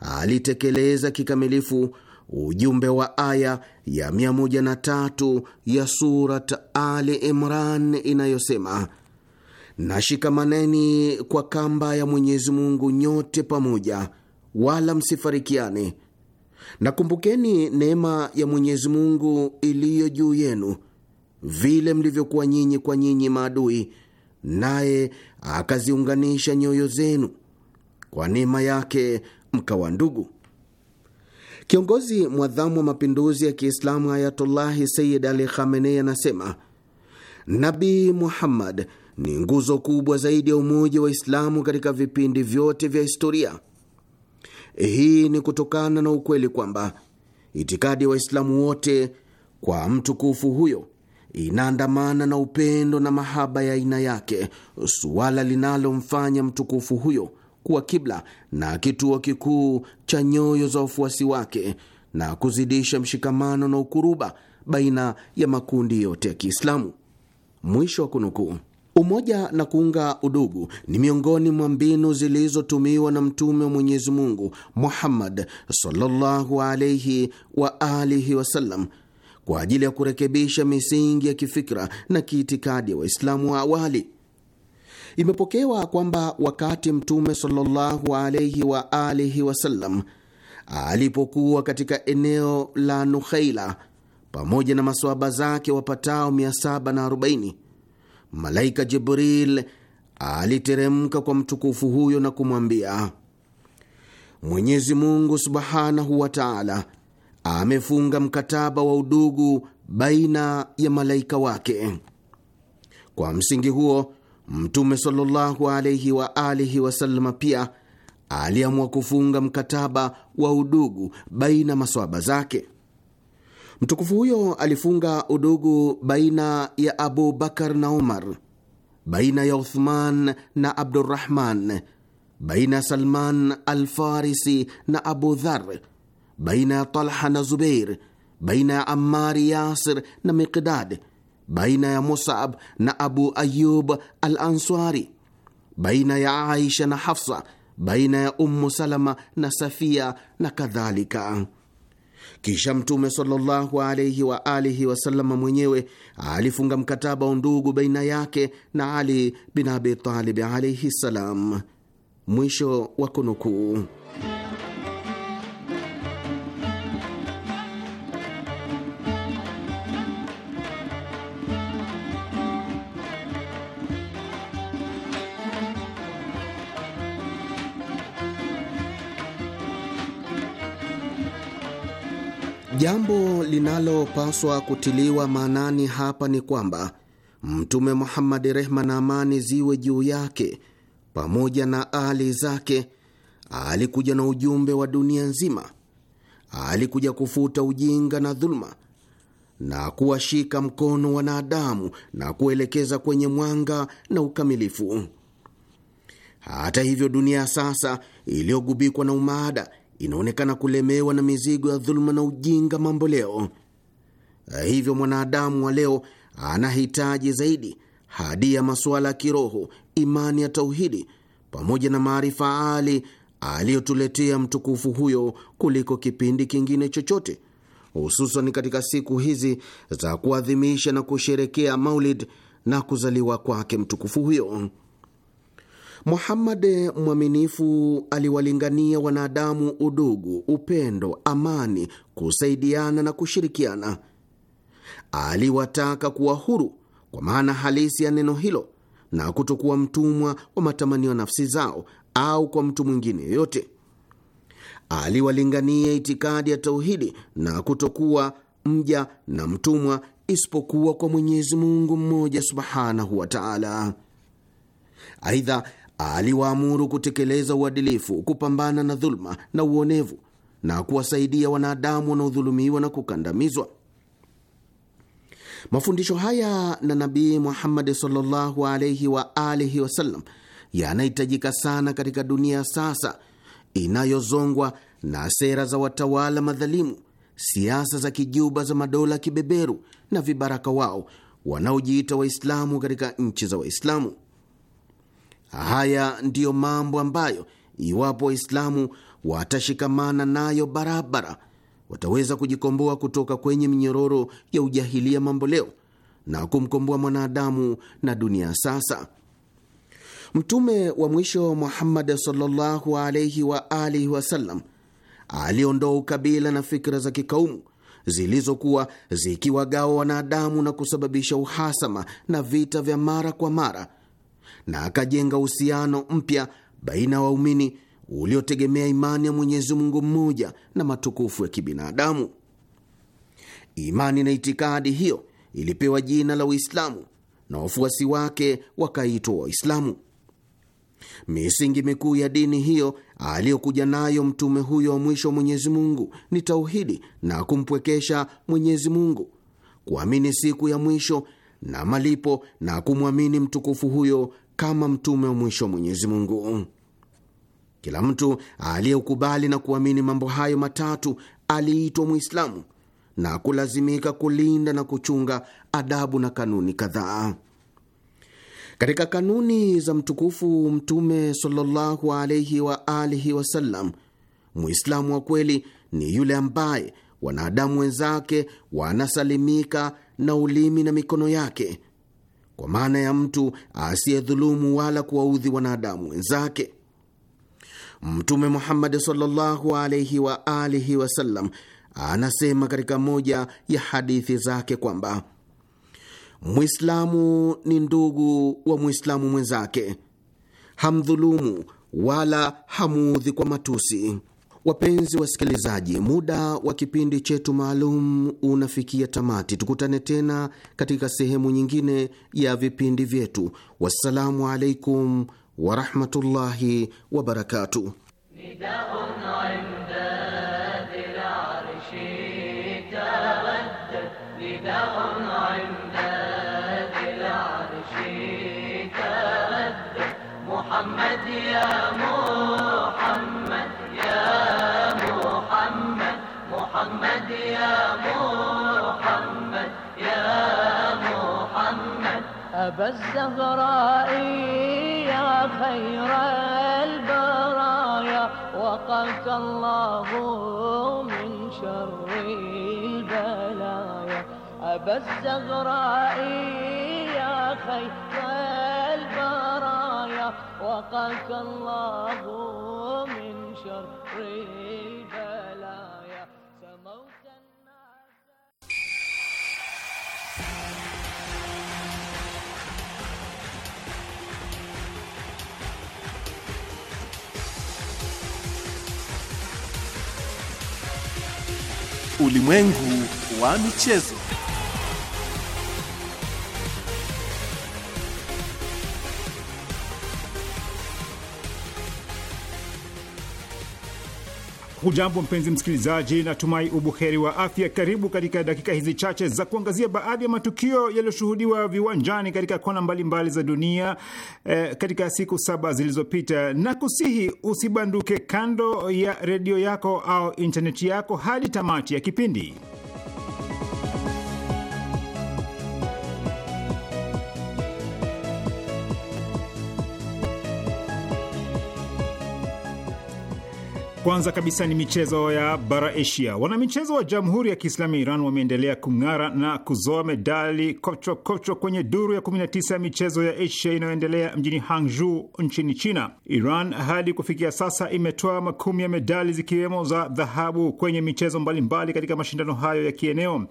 S5: alitekeleza kikamilifu ujumbe wa aya ya 103 ya Surat Ali Imran inayosema na shikamaneni kwa kamba ya Mwenyezi Mungu nyote pamoja, wala msifarikiane, nakumbukeni neema ya Mwenyezi Mungu iliyo juu yenu, vile mlivyokuwa nyinyi kwa nyinyi maadui, naye akaziunganisha nyoyo zenu kwa neema yake mkawa ndugu. Kiongozi mwadhamu wa mapinduzi ya Kiislamu Ayatullahi Sayyid Ali Khamenei anasema Nabii Muhammad ni nguzo kubwa zaidi ya umoja wa Islamu katika vipindi vyote vya historia. Hii ni kutokana na ukweli kwamba itikadi ya wa Waislamu wote kwa mtukufu huyo inaandamana na upendo na mahaba ya aina yake, suala linalomfanya mtukufu huyo kuwa kibla na kituo kikuu cha nyoyo za wafuasi wake na kuzidisha mshikamano na ukuruba baina ya makundi yote ya Kiislamu. Mwisho wa kunukuu. Umoja na kuunga udugu ni miongoni mwa mbinu zilizotumiwa na Mtume wa Mwenyezi Mungu Muhammad sallallahu alaihi wa alihi wasallam kwa ajili ya kurekebisha misingi ya kifikra na kiitikadi ya wa Waislamu wa awali. Imepokewa kwamba wakati Mtume sallallahu alaihi wa alihi wasallam alipokuwa katika eneo la Nukhaila pamoja na masoaba zake wapatao 740 malaika Jibril aliteremka kwa mtukufu huyo na kumwambia, Mwenyezi Mungu subhanahu wa taala amefunga mkataba wa udugu baina ya malaika wake. Kwa msingi huo Mtume sallallahu alaihi wa alihi wasalama pia aliamua kufunga mkataba wa udugu baina maswaba zake. Mtukufu huyo alifunga udugu baina ya Abu Bakar na Umar, baina ya Uthman na Abdurrahman, baina ya Salman Alfarisi na Abu Dhar, baina ya Talha na Zubeir, baina ya Amari Yasir na Miqdad, baina ya Musab na Abu Ayub al Answari, baina ya Aisha na Hafsa, baina ya Ummu Salama na Safia na kadhalika. Kisha Mtume sallallahu alaihi wa alihi wasalama mwenyewe alifunga mkataba wa ndugu baina yake na Ali bin Abi Talib alaihi salam. Mwisho wa kunukuu. Jambo linalopaswa kutiliwa maanani hapa ni kwamba Mtume muhamadi rehma na amani ziwe juu yake, pamoja na ali zake, alikuja na ujumbe wa dunia nzima. Alikuja kufuta ujinga na dhuluma na kuwashika mkono wanadamu na kuelekeza kwenye mwanga na ukamilifu. Hata hivyo, dunia sasa iliyogubikwa na umaada inaonekana kulemewa na mizigo ya dhuluma na ujinga mambo leo. Eh, hivyo mwanadamu wa leo anahitaji zaidi hadi ya masuala ya kiroho, imani ya tauhidi pamoja na maarifa ali aliyotuletea mtukufu huyo kuliko kipindi kingine chochote, hususan katika siku hizi za kuadhimisha na kusherekea Maulid na kuzaliwa kwake mtukufu huyo. Muhammad mwaminifu aliwalingania wanadamu udugu, upendo, amani, kusaidiana na kushirikiana. Aliwataka kuwa huru kwa maana halisi ya neno hilo na kutokuwa mtumwa wa matamanio nafsi zao au kwa mtu mwingine yoyote. Aliwalingania itikadi ya tauhidi na kutokuwa mja na mtumwa isipokuwa kwa Mwenyezi Mungu mmoja subhanahu wa taala. Aidha, aliwaamuru kutekeleza uadilifu, kupambana na dhuluma na uonevu na kuwasaidia wanadamu wanaodhulumiwa na kukandamizwa. Mafundisho haya na Nabii Muhammad sallallahu alaihi wa alihi wasallam yanahitajika sana katika dunia sasa inayozongwa na sera za watawala madhalimu, siasa za kijuba za madola kibeberu na vibaraka wao wanaojiita Waislamu katika nchi za Waislamu. Haya ndiyo mambo ambayo iwapo Waislamu watashikamana nayo barabara, wataweza kujikomboa kutoka kwenye minyororo ya ujahilia mambo leo na kumkomboa mwanadamu na dunia sasa. Mtume wa mwisho Muhammad sallallahu alaihi wa alihi wasallam aliondoa ukabila na fikra za kikaumu zilizokuwa zikiwagawa wanadamu na kusababisha uhasama na vita vya mara kwa mara na akajenga uhusiano mpya baina ya waumini uliotegemea imani ya Mwenyezi Mungu mmoja na matukufu ya kibinadamu. Imani na itikadi hiyo ilipewa jina la Uislamu na wafuasi wake wakaitwa Waislamu. Misingi mikuu ya dini hiyo aliyokuja nayo mtume huyo wa mwisho wa Mwenyezi Mungu ni tauhidi na kumpwekesha Mwenyezi Mungu, kuamini siku ya mwisho na malipo na kumwamini mtukufu huyo kama mtume wa mwisho wa Mwenyezi Mungu. Kila mtu aliyeukubali na kuamini mambo hayo matatu aliitwa Mwislamu na kulazimika kulinda na kuchunga adabu na kanuni kadhaa. Katika kanuni za mtukufu Mtume sallallahu alaihi wa alihi wasallam, Mwislamu wa kweli ni yule ambaye wanadamu wenzake wanasalimika na ulimi na mikono yake, kwa maana ya mtu asiyedhulumu wala kuwaudhi wanadamu wenzake. Mtume Muhammad sallallahu alaihi wa alihi wasallam anasema katika moja ya hadithi zake kwamba Mwislamu ni ndugu wa Mwislamu mwenzake, hamdhulumu wala hamuudhi kwa matusi. Wapenzi wasikilizaji, muda wa kipindi chetu maalum unafikia tamati. Tukutane tena katika sehemu nyingine ya vipindi vyetu. Wassalamu alaikum warahmatullahi wabarakatuh.
S6: أبا الزهراء يا خير البرايا وقاك الله من شر البلايا أبا الزهراء يا خير البرايا وقاك الله من شر البلايا
S1: Ulimwengu wa michezo.
S2: Hujambo mpenzi msikilizaji, natumai ubuheri wa afya. Karibu katika dakika hizi chache za kuangazia baadhi ya matukio yaliyoshuhudiwa viwanjani katika kona mbalimbali mbali za dunia eh, katika siku saba zilizopita, na kusihi usibanduke kando ya redio yako au intaneti yako hadi tamati ya kipindi. Kwanza kabisa ni michezo ya bara Asia. Wanamichezo wa Jamhuri ya Kiislamu ya Iran wameendelea kung'ara na kuzoa medali kocho kocho kwenye duru ya 19 ya michezo ya Asia inayoendelea mjini Hangzhou nchini China. Iran hadi kufikia sasa imetoa makumi ya medali zikiwemo za dhahabu kwenye michezo mbalimbali katika mashindano hayo ya kieneo.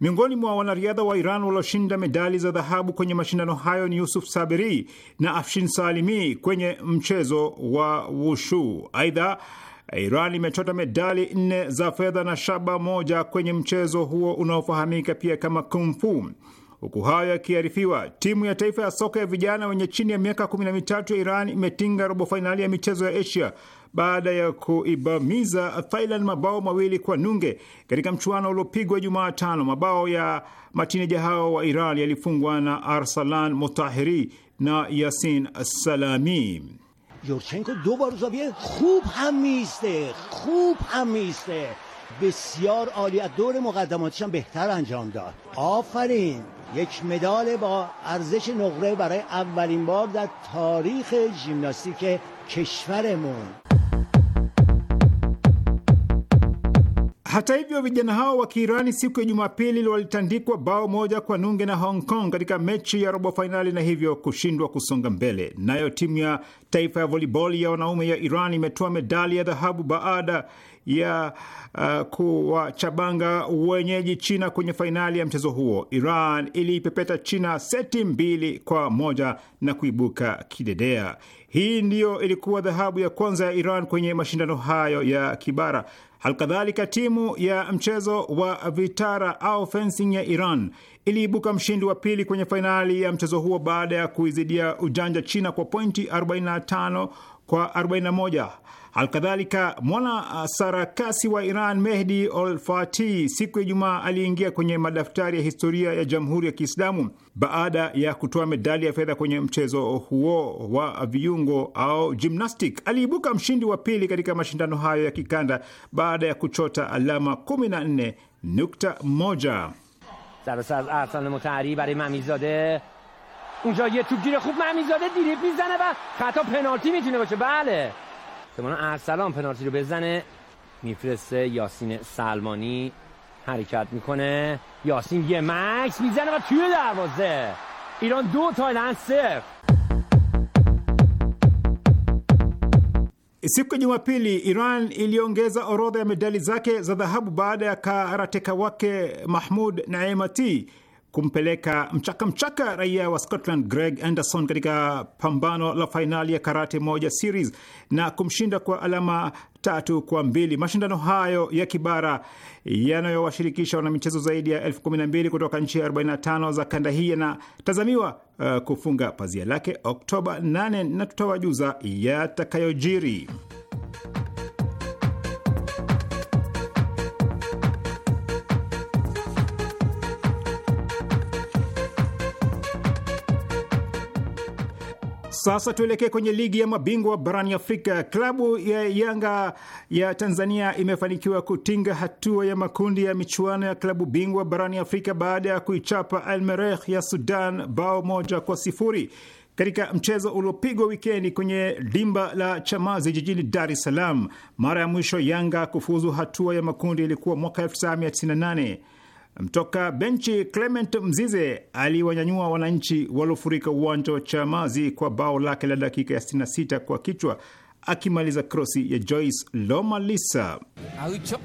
S2: Miongoni mwa wanariadha wa Iran walioshinda medali za dhahabu kwenye mashindano hayo ni Yusuf Sabiri na Afshin Salimi kwenye mchezo wa wushu. Aidha, Iran imechota medali nne za fedha na shaba moja kwenye mchezo huo unaofahamika pia kama kumfu Huku hayo yakiarifiwa, timu ya taifa ya soka ya vijana wenye chini ya miaka kumi na mitatu ya Iran imetinga robo fainali ya michezo ya Asia baada ya kuibamiza Thailand mabao mawili kwa nunge katika mchuano uliopigwa Jumatano. Mabao ya matineja hao wa Iran yalifungwa na Arsalan Motaheri na Yasin Salami.
S5: یورچنکو دو بار زاویه خوب هم میسته خوب هم میسته بسیار عالی از دور مقدماتش بهتر انجام داد آفرین یک مدال با ارزش نقره برای اولین بار در تاریخ ژیمناستیک کشورمون
S2: Hata hivyo vijana hao wa Kiirani siku ya Jumapili walitandikwa bao moja kwa nunge na Hong Kong katika mechi ya robo fainali na hivyo kushindwa kusonga mbele. Nayo timu ya taifa ya voliboli ya wanaume ya Iran imetoa medali ya dhahabu baada ya uh, kuwachabanga wenyeji China kwenye fainali ya mchezo huo. Iran iliipepeta China seti mbili kwa moja na kuibuka kidedea. Hii ndiyo ilikuwa dhahabu ya kwanza ya Iran kwenye mashindano hayo ya kibara. Alkadhalika, timu ya mchezo wa vitara au fencing ya Iran iliibuka mshindi wa pili kwenye fainali ya mchezo huo baada ya kuizidia ujanja China kwa pointi 45 kwa 41. Alkadhalika, mwana uh, sarakasi wa Iran Mehdi Olfati siku ya Ijumaa aliingia kwenye madaftari ya historia ya Jamhuri ya Kiislamu baada ya kutoa medali ya fedha kwenye mchezo huo wa viungo au gymnastic. Aliibuka mshindi wa pili katika mashindano hayo ya kikanda baada ya kuchota alama 14.1.
S3: اونجا یه گیر خوب ممیزاده دیریب میزنه و خطا پنالتی میتونه باشه بله احتمالا ارسلان پنالتی رو بزنه میفرسته یاسین سلمانی حرکت میکنه یاسین یه مکس میزنه و توی دروازه ایران دو تایلند صفر
S2: Siku ya Jumapili ایران iliongeza orodha ya medali zake za dhahabu baada ya karateka wake Mahmud Naimati kumpeleka mchaka mchaka raia wa Scotland Greg Anderson katika pambano la fainali ya karate moja series na kumshinda kwa alama tatu kwa mbili. Mashindano hayo ya kibara yanayowashirikisha wanamichezo zaidi ya elfu kumi na mbili kutoka nchi 45 za kanda hii yanatazamiwa uh, kufunga pazia lake Oktoba 8 na tutawajuza yatakayojiri. Sasa tuelekee kwenye ligi ya mabingwa barani Afrika. Klabu ya Yanga ya Tanzania imefanikiwa kutinga hatua ya makundi ya michuano ya klabu bingwa barani Afrika baada ya kuichapa almereh ya Sudan bao moja kwa sifuri katika mchezo uliopigwa wikendi kwenye dimba la Chamazi jijini Dar es Salaam. Mara ya mwisho Yanga kufuzu hatua ya makundi ilikuwa mwaka 1998 mtoka benchi Clement Mzize aliwanyanyua wananchi waliofurika uwanja wa Chamazi kwa bao lake la dakika ya 66 kwa kichwa, akimaliza krosi ya Joyce Lomalisa.
S6: Aucho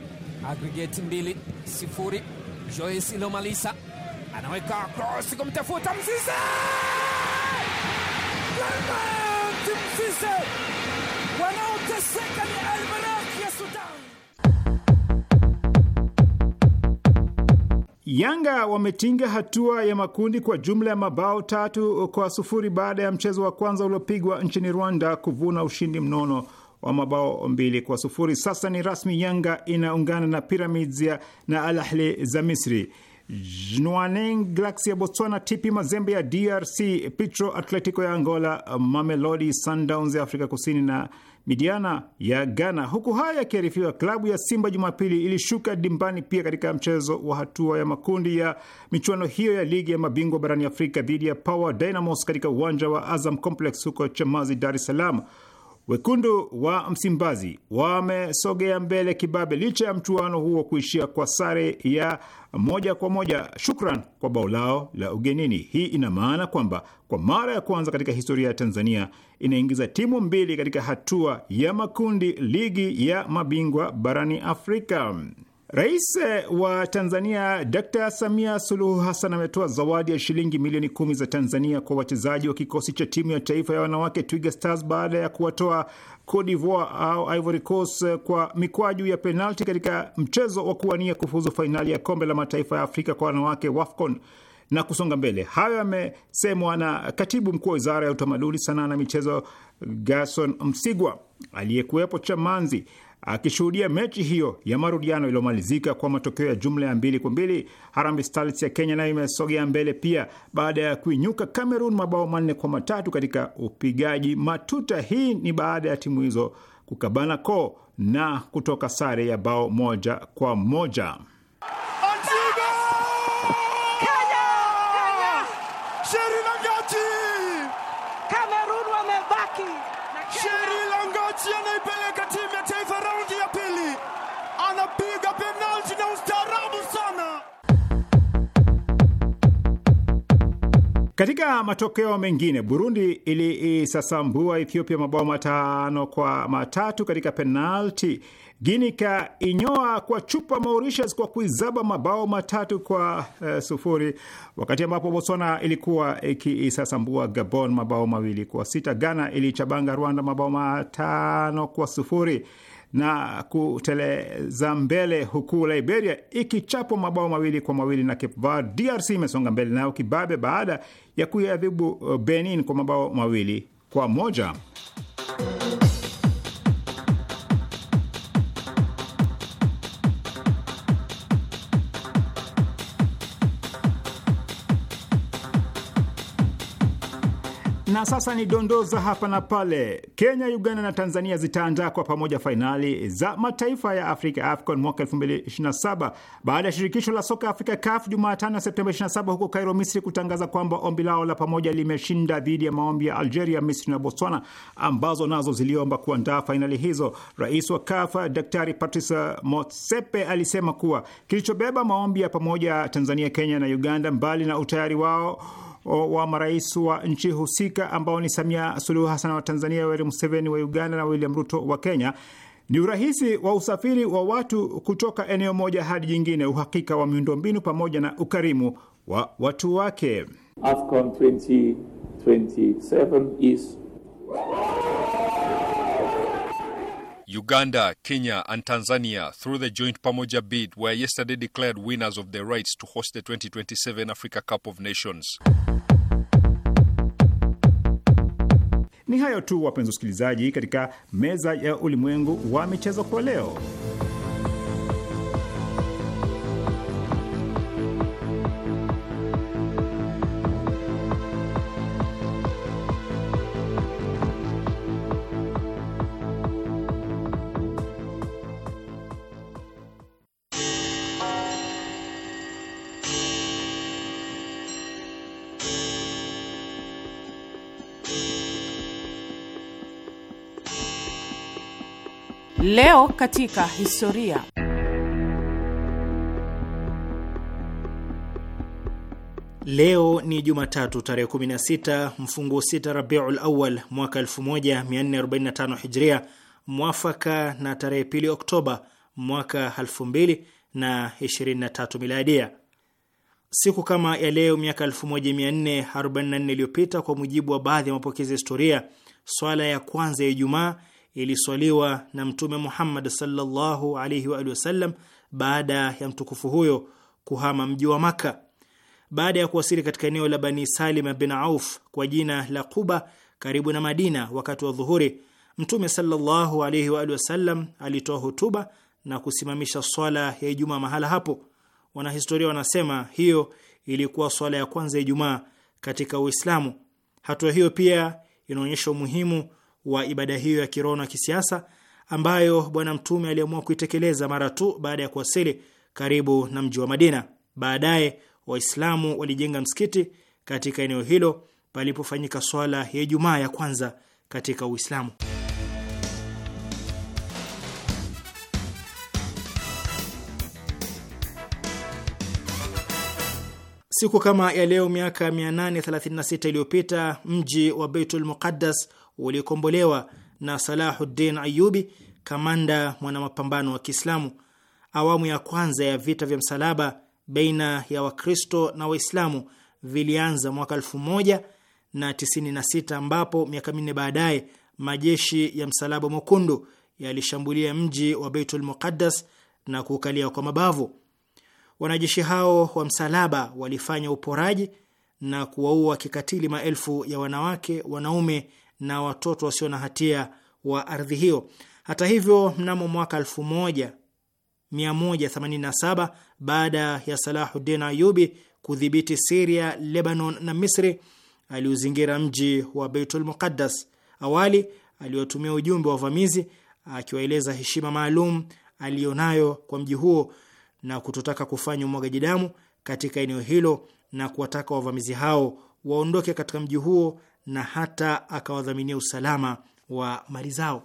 S3: mbili sifuri. Joyce anaweka krosi kumtafuta Mzize. Clement Mzize,
S7: wanaoteseka ni ya Sudan.
S2: Yanga wametinga hatua ya makundi kwa jumla ya mabao tatu kwa sufuri baada ya mchezo wa kwanza uliopigwa nchini Rwanda kuvuna ushindi mnono wa mabao mbili kwa sufuri. Sasa ni rasmi, Yanga inaungana na Pyramids na Al za Misri, Jwaneng Galaxy ya Botswana, TP Mazembe ya DRC, Petro Atletico ya Angola, Mamelodi Sundowns ya Afrika Kusini na midiana ya Ghana. Huku haya yakiarifiwa, klabu ya Simba Jumapili ilishuka dimbani pia katika mchezo wa hatua ya makundi ya michuano hiyo ya ligi ya mabingwa barani Afrika dhidi ya Power Dynamos katika uwanja wa Azam Complex huko Chamazi, Dar es Salaam. Wekundu wa Msimbazi wamesogea mbele kibabe licha ya mchuano huo kuishia kwa sare ya moja kwa moja, shukran kwa bao lao la ugenini. Hii ina maana kwamba kwa mara ya kwanza katika historia ya Tanzania inaingiza timu mbili katika hatua ya makundi ligi ya mabingwa barani Afrika. Rais eh, wa Tanzania Dr Samia Suluhu Hassan ametoa zawadi ya shilingi milioni kumi za Tanzania kwa wachezaji wa kikosi cha timu ya taifa ya wanawake Twiga Stars baada ya kuwatoa Cote d'Ivoire au Ivory Coast eh, kwa mikwaju ya penalti katika mchezo wa kuwania kufuzu fainali ya kombe la mataifa ya Afrika kwa wanawake WAFCON na kusonga mbele. Hayo yamesemwa na katibu mkuu wa wizara ya utamaduni, sanaa na michezo Gerson Msigwa aliyekuwepo Chamanzi Akishuhudia mechi hiyo ya marudiano iliyomalizika kwa matokeo ya jumla ya mbili kwa mbili, Harambee Stars ya Kenya nayo imesogea mbele pia baada ya kuinyuka Cameroon mabao manne kwa matatu katika upigaji matuta. Hii ni baada ya timu hizo kukabana koo na kutoka sare ya bao moja kwa moja. Katika matokeo mengine, Burundi iliisasambua Ethiopia mabao matano kwa matatu katika penalti. Guini kainyoa inyoa kwa chupa Mauritius kwa kuizaba mabao matatu kwa uh, sufuri, wakati ambapo Botswana ilikuwa ikiisasambua Gabon mabao mawili kwa sita. Ghana ilichabanga Rwanda mabao matano kwa sufuri na kuteleza mbele huku Liberia ikichapwa mabao mawili kwa mawili na Cape Verde. DRC imesonga mbele nayo kibabe baada ya kuiadhibu eh, Benin kwa mabao mawili kwa moja. Na sasa ni dondoza hapa na pale. Kenya, Uganda na Tanzania zitaandaa kwa pamoja fainali za mataifa ya Afrika AFCON mwaka 2027 baada ya shirikisho la soka Afrika CAF Jumatano ya Septemba 27 huko Cairo, Misri, kutangaza kwamba ombi lao la pamoja limeshinda dhidi ya maombi ya Algeria, Misri na Botswana ambazo nazo ziliomba kuandaa fainali hizo. Rais wa CAF Daktari Patrice Motsepe alisema kuwa kilichobeba maombi ya pamoja Tanzania, Kenya na Uganda, mbali na utayari wao wa marais wa nchi husika ambao ni Samia Suluhu Hassan wa Tanzania, Yoweri Museveni wa Uganda na William Ruto wa Kenya ni urahisi wa usafiri wa watu kutoka eneo moja hadi jingine, uhakika wa miundombinu pamoja na ukarimu wa watu wake. AFCON 2027 is... Uganda, Kenya, and Tanzania, through the joint Pamoja bid, were yesterday declared winners of the rights to host the 2027 Africa Cup of Nations. Ni hayo tu wapenzi wasikilizaji, katika meza ya ulimwengu wa michezo kwa leo.
S3: Leo katika historia.
S8: Leo ni Jumatatu tarehe 16 mfungu 6 Rabiul Awal mwaka 1445 Hijria, mwafaka na tarehe pili Oktoba mwaka 2023 Miladia. Siku kama ya leo miaka 1444 iliyopita, kwa mujibu wa baadhi ya mapokezi ya historia, swala ya kwanza ya Ijumaa iliswaliwa na Mtume Muhammad sallallahu alaihi wa alihi wasallam baada ya mtukufu huyo kuhama mji wa Maka. Baada ya kuwasili katika eneo la Bani Salim bin Auf kwa jina la Quba karibu na Madina wakati wa dhuhuri, Mtume sallallahu alaihi wa alihi wasallam alitoa hutuba na kusimamisha swala ya Ijumaa mahala hapo. Wanahistoria wanasema hiyo ilikuwa swala ya kwanza ya Ijumaa katika Uislamu. Hatua hiyo pia inaonyesha umuhimu wa ibada hiyo ya kiroho na kisiasa ambayo Bwana Mtume aliamua kuitekeleza mara tu baada ya kuwasili karibu na mji wa Madina. Baadaye Waislamu walijenga msikiti katika eneo hilo palipofanyika swala ya Ijumaa ya kwanza katika Uislamu. Siku kama ya leo miaka 836 iliyopita mji wa Beitul Muqaddas uliokombolewa na Salahuddin Ayubi, kamanda mwanamapambano wa Kiislamu. Awamu ya kwanza ya vita vya msalaba baina ya Wakristo na Waislamu vilianza mwaka sita ambapo miaka minne baadaye majeshi ya Msalaba Mwekundu yalishambulia mji wa Beitul Muqaddas na kuukalia kwa mabavu. Wanajeshi hao wa msalaba walifanya uporaji na kuwaua kikatili maelfu ya wanawake, wanaume na watoto wasio na hatia wa ardhi hiyo. Hata hivyo, mnamo mwaka 1187 baada ya Salahuddin Ayubi kudhibiti Siria, Lebanon na Misri, aliuzingira mji wa Beitul Muqaddas. Awali aliwatumia ujumbe wa wavamizi akiwaeleza heshima maalum aliyonayo kwa mji huo na kutotaka kufanya umwagaji damu katika eneo hilo na kuwataka wavamizi hao waondoke katika mji huo na hata akawadhaminia usalama wa mali zao.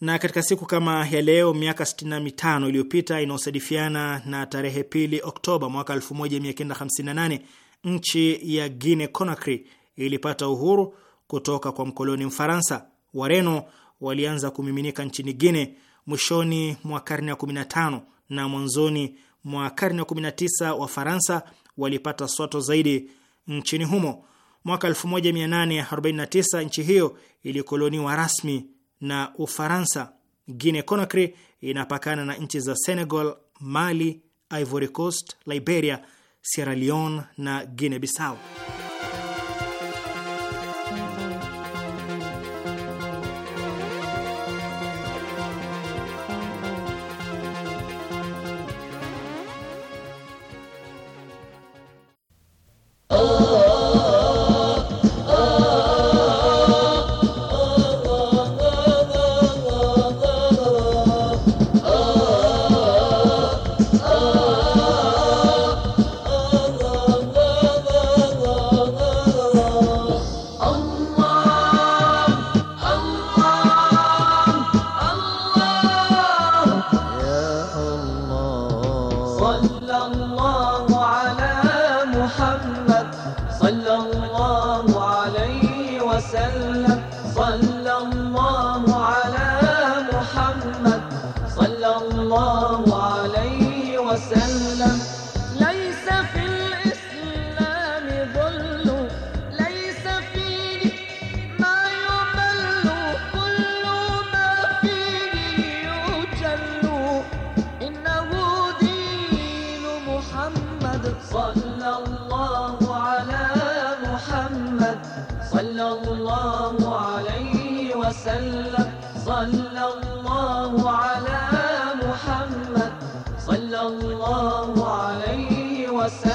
S8: Na katika siku kama ya leo miaka 65 iliyopita inayosadifiana na tarehe pili Oktoba mwaka 1958 nchi ya Guinea Conakry ilipata uhuru kutoka kwa mkoloni Mfaransa. Wareno walianza kumiminika nchini Guinea mwishoni mwa karne ya 15 na mwanzoni mwa karne wa 19 Wafaransa walipata swato zaidi nchini humo. Mwaka 1849 nchi hiyo ilikoloniwa rasmi na Ufaransa. Guinea Conakry inapakana na nchi za Senegal, Mali, Ivory Coast, Liberia, Sierra Leone na Guinea Bissau.
S6: وسلم صلى الله على محمد صلى الله عليه وسلم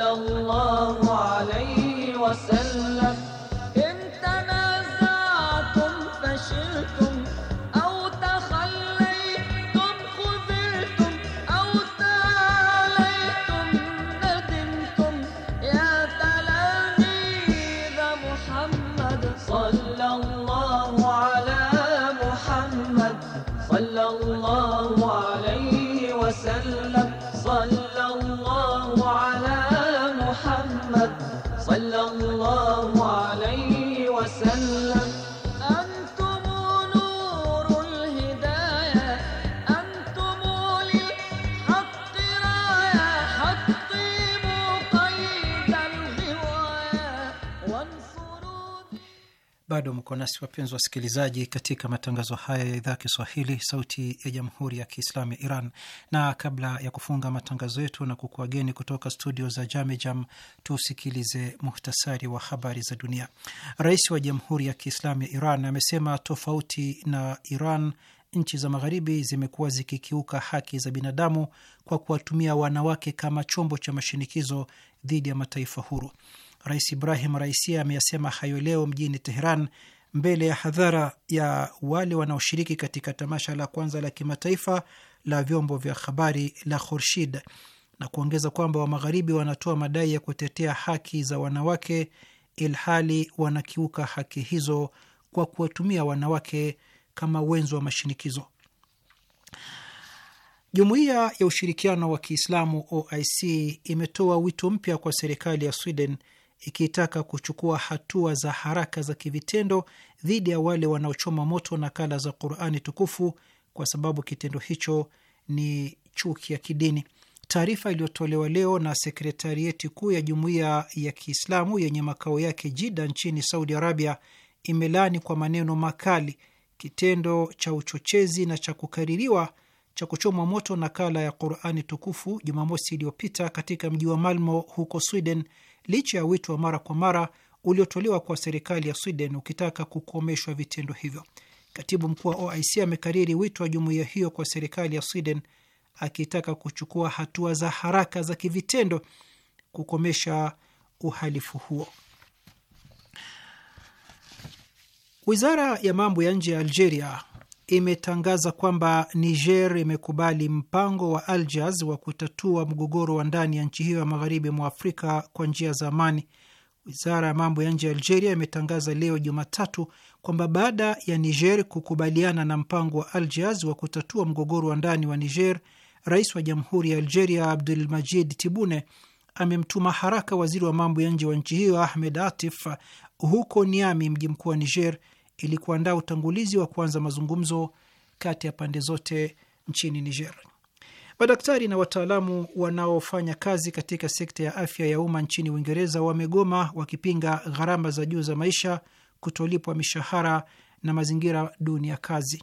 S6: صلى الله عليه وسلم
S4: bado mko nasi wapenzi wasikilizaji, katika matangazo haya ya idhaa Kiswahili sauti ya jamhuri ya Kiislamu ya Iran. Na kabla ya kufunga matangazo yetu na kukuageni kutoka studio za Jamejam, tusikilize muhtasari wa habari za dunia. Rais wa Jamhuri ya Kiislamu ya Iran amesema tofauti na Iran, nchi za Magharibi zimekuwa zikikiuka haki za binadamu kwa kuwatumia wanawake kama chombo cha mashinikizo dhidi ya mataifa huru. Rais Ibrahim Raisi ameyasema hayo leo mjini Teheran mbele ya hadhara ya wale wanaoshiriki katika tamasha la kwanza la kimataifa la vyombo vya habari la Khurshid na kuongeza kwamba Wamagharibi wanatoa madai ya kutetea haki za wanawake ilhali wanakiuka haki hizo kwa kuwatumia wanawake kama wenzo wa mashinikizo. Jumuiya ya ushirikiano wa Kiislamu OIC imetoa wito mpya kwa serikali ya Sweden ikitaka kuchukua hatua za haraka za kivitendo dhidi ya wale wanaochoma moto nakala za Qurani tukufu kwa sababu kitendo hicho ni chuki ya kidini. Taarifa iliyotolewa leo na sekretarieti kuu ya jumuiya ya Kiislamu yenye makao yake Jida nchini Saudi Arabia imelaani kwa maneno makali kitendo cha uchochezi na cha kukaririwa cha kuchomwa moto nakala ya Qurani tukufu Jumamosi iliyopita katika mji wa Malmo huko Sweden licha ya wito wa mara kwa mara uliotolewa kwa serikali ya Sweden ukitaka kukomeshwa vitendo hivyo. Katibu mkuu wa OIC amekariri wito wa jumuiya hiyo kwa serikali ya Sweden akitaka kuchukua hatua za haraka za kivitendo kukomesha uhalifu huo. Wizara ya mambo ya nje ya Algeria imetangaza kwamba Niger imekubali mpango wa Algiers wa kutatua mgogoro wa ndani ya nchi hiyo ya magharibi mwa Afrika kwa njia za amani. Wizara ya mambo ya nje ya Algeria imetangaza leo Jumatatu kwamba baada ya Niger kukubaliana na mpango wa Algiers wa kutatua mgogoro wa ndani wa Niger, rais wa jamhuri ya Algeria abdul majid Tibune amemtuma haraka waziri wa mambo ya nje wa nchi hiyo Ahmed Atif huko Niami, mji mkuu wa Niger ili kuandaa utangulizi wa kuanza mazungumzo kati ya pande zote nchini Niger. Madaktari na wataalamu wanaofanya kazi katika sekta ya afya ya umma nchini Uingereza wamegoma wakipinga gharama za juu za maisha, kutolipwa mishahara na mazingira duni ya kazi.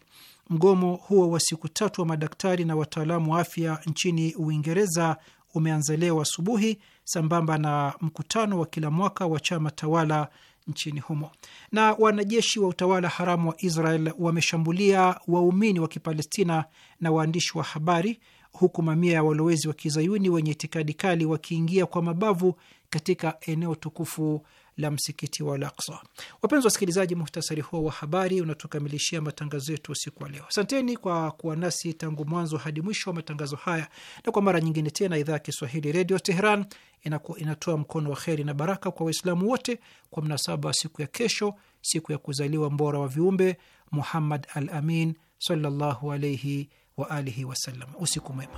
S4: Mgomo huo wa siku tatu wa madaktari na wataalamu wa afya nchini Uingereza umeanza leo asubuhi sambamba na mkutano wa kila mwaka wa chama tawala nchini humo. Na wanajeshi wa utawala haramu wa Israel wameshambulia waumini wa Kipalestina na waandishi wa habari huku mamia ya walowezi wa kizayuni wenye itikadi kali wakiingia kwa mabavu katika eneo tukufu la msikiti wa Al-Aqsa. Wapenzi wasikilizaji, muhtasari huo wa habari unatukamilishia matangazo yetu usiku wa leo. Asanteni kwa kuwa nasi tangu mwanzo hadi mwisho wa matangazo haya, na kwa mara nyingine tena, idhaa ya Kiswahili Redio Teheran inatoa mkono wa kheri na baraka kwa Waislamu wote kwa mnasaba wa siku ya kesho, siku ya kuzaliwa mbora wa viumbe Muhammad al Amin sallallahu alaihi wa alihi wasallam. Usiku mwema.